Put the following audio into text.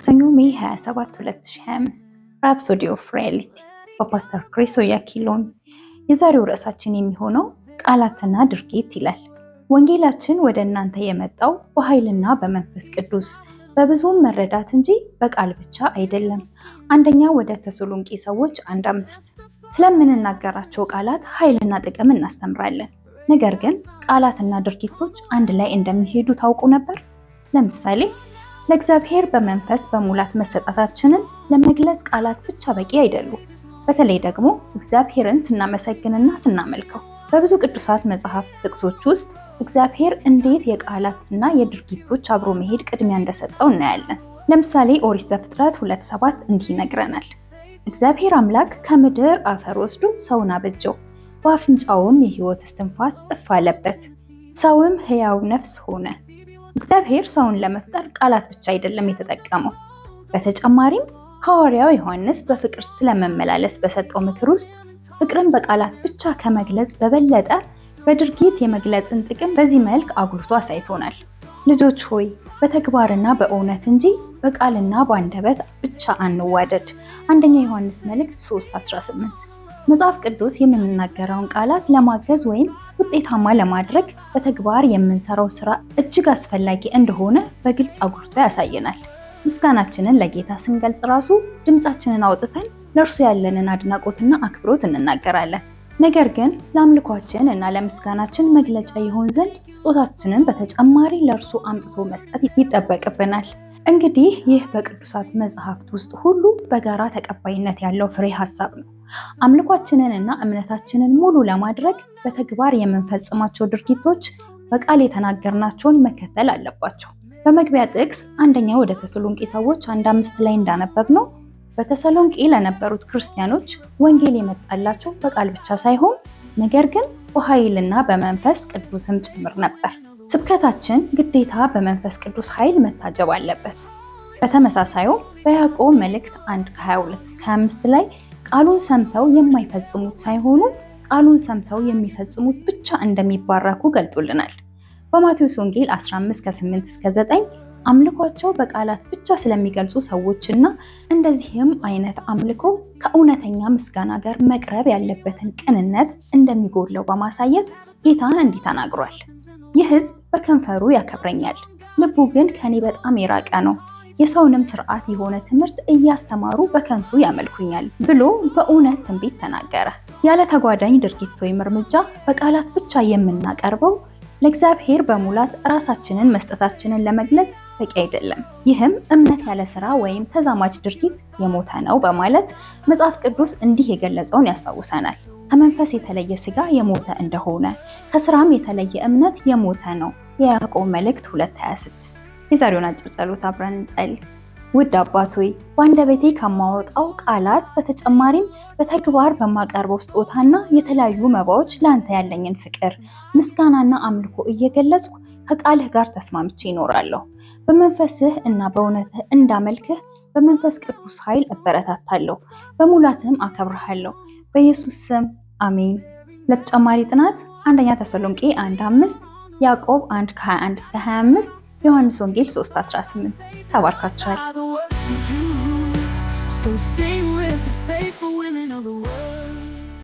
ማክሰኞ ሜ 27 2025 ራፕሶዲ ኦፍ ሪያሊቲ በፓስተር ክሪስ ኦያኪሎሜ። የዛሬው ርዕሳችን የሚሆነው ቃላትና ድርጊት ይላል። ወንጌላችን ወደ እናንተ የመጣው በኃይልና በመንፈስ ቅዱስ በብዙም መረዳት እንጂ በቃል ብቻ አይደለም። አንደኛ ወደ ተሰሎንቄ ሰዎች አንድ አምስት ስለምንናገራቸው ቃላት ኃይልና ጥቅም እናስተምራለን። ነገር ግን ቃላትና ድርጊቶች አንድ ላይ እንደሚሄዱ ታውቁ ነበር? ለምሳሌ ለእግዚአብሔር በመንፈስ በሙላት መሰጣታችንን ለመግለጽ ቃላት ብቻ በቂ አይደሉም። በተለይ ደግሞ እግዚአብሔርን ስናመሰግንና ስናመልከው በብዙ ቅዱሳት መጽሐፍት ጥቅሶች ውስጥ እግዚአብሔር እንዴት የቃላትና የድርጊቶች አብሮ መሄድ ቅድሚያ እንደሰጠው እናያለን። ለምሳሌ ኦሪት ዘፍጥረት 2፡7 እንዲህ ይነግረናል። እግዚአብሔር አምላክ ከምድር አፈር ወስዶ ሰውን አበጀው፣ በአፍንጫውም የሕይወት እስትንፋስ እፍ አለበት፣ ሰውም ሕያው ነፍስ ሆነ እግዚአብሔር ሰውን ለመፍጠር ቃላት ብቻ አይደለም የተጠቀመው። በተጨማሪም ሐዋርያው ዮሐንስ በፍቅር ስለመመላለስ በሰጠው ምክር ውስጥ ፍቅርን በቃላት ብቻ ከመግለጽ በበለጠ በድርጊት የመግለጽን ጥቅም በዚህ መልክ አጉልቶ አሳይቶናል። ልጆች ሆይ በተግባርና በእውነት እንጂ በቃልና በአንደበት ብቻ አንዋደድ። አንደኛ ዮሐንስ መልእክት 3:18 መጽሐፍ ቅዱስ የምንናገረውን ቃላት ለማገዝ ወይም ውጤታማ ለማድረግ በተግባር የምንሰራው ስራ እጅግ አስፈላጊ እንደሆነ በግልጽ አጉልቶ ያሳየናል። ምስጋናችንን ለጌታ ስንገልጽ ራሱ ድምፃችንን አውጥተን ለእርሱ ያለንን አድናቆትና አክብሮት እንናገራለን። ነገር ግን ለአምልኳችን እና ለምስጋናችን መግለጫ ይሆን ዘንድ ስጦታችንን በተጨማሪ ለእርሱ አምጥቶ መስጠት ይጠበቅብናል። እንግዲህ ይህ በቅዱሳት መጽሐፍት ውስጥ ሁሉ በጋራ ተቀባይነት ያለው ፍሬ ሀሳብ ነው። አምልኳችንን እና እምነታችንን ሙሉ ለማድረግ በተግባር የምንፈጽማቸው ድርጊቶች በቃል የተናገርናቸውን መከተል አለባቸው። በመግቢያ ጥቅስ አንደኛው ወደ ተሰሎንቄ ሰዎች አንድ አምስት ላይ እንዳነበብ ነው በተሰሎንቄ ለነበሩት ክርስቲያኖች ወንጌል የመጣላቸው በቃል ብቻ ሳይሆን ነገር ግን በኃይልና በመንፈስ ቅዱስም ጭምር ነበር። ስብከታችን ግዴታ በመንፈስ ቅዱስ ኃይል መታጀብ አለበት። በተመሳሳዩ በያዕቆብ መልእክት 1 ከ22 እስከ 25 ላይ ቃሉን ሰምተው የማይፈጽሙት ሳይሆኑ ቃሉን ሰምተው የሚፈጽሙት ብቻ እንደሚባረኩ ገልጦልናል። በማቴዎስ ወንጌል 15:8-9 አምልኳቸው በቃላት ብቻ ስለሚገልጹ ሰዎችና እንደዚህም አይነት አምልኮ ከእውነተኛ ምስጋና ጋር መቅረብ ያለበትን ቅንነት እንደሚጎድለው በማሳየት ጌታ እንዲህ ተናግሯል። ይህ ሕዝብ በከንፈሩ ያከብረኛል፣ ልቡ ግን ከኔ በጣም የራቀ ነው የሰውንም ስርዓት የሆነ ትምህርት እያስተማሩ በከንቱ ያመልኩኛል ብሎ በእውነት ትንቢት ተናገረ። ያለ ተጓዳኝ ድርጊት ወይም እርምጃ በቃላት ብቻ የምናቀርበው ለእግዚአብሔር በሙላት ራሳችንን መስጠታችንን ለመግለጽ በቂ አይደለም። ይህም እምነት ያለ ስራ ወይም ተዛማጅ ድርጊት የሞተ ነው በማለት መጽሐፍ ቅዱስ እንዲህ የገለጸውን ያስታውሰናል። ከመንፈስ የተለየ ስጋ የሞተ እንደሆነ ከስራም የተለየ እምነት የሞተ ነው። የያዕቆብ መልእክት 2፥26 የዛሬውን አጭር ጸሎት አብረን እንጸልይ። ውድ አባት ሆይ በአንደበቴ ከማወጣው ቃላት በተጨማሪም በተግባር በማቀርበው ስጦታና የተለያዩ መባዎች ለአንተ ያለኝን ፍቅር፣ ምስጋናና አምልኮ እየገለጽኩ ከቃልህ ጋር ተስማምቼ ይኖራለሁ። በመንፈስህ እና በእውነትህ እንዳመልክህ በመንፈስ ቅዱስ ኃይል እበረታታለሁ፣ በሙላትህም አከብርሃለሁ። በኢየሱስ ስም አሜን። ለተጨማሪ ጥናት አንደኛ ተሰሎንቄ 1 5 ያዕቆብ 1 21 25 ዮሐንስ ወንጌል 3:18 ተባርካችኋል።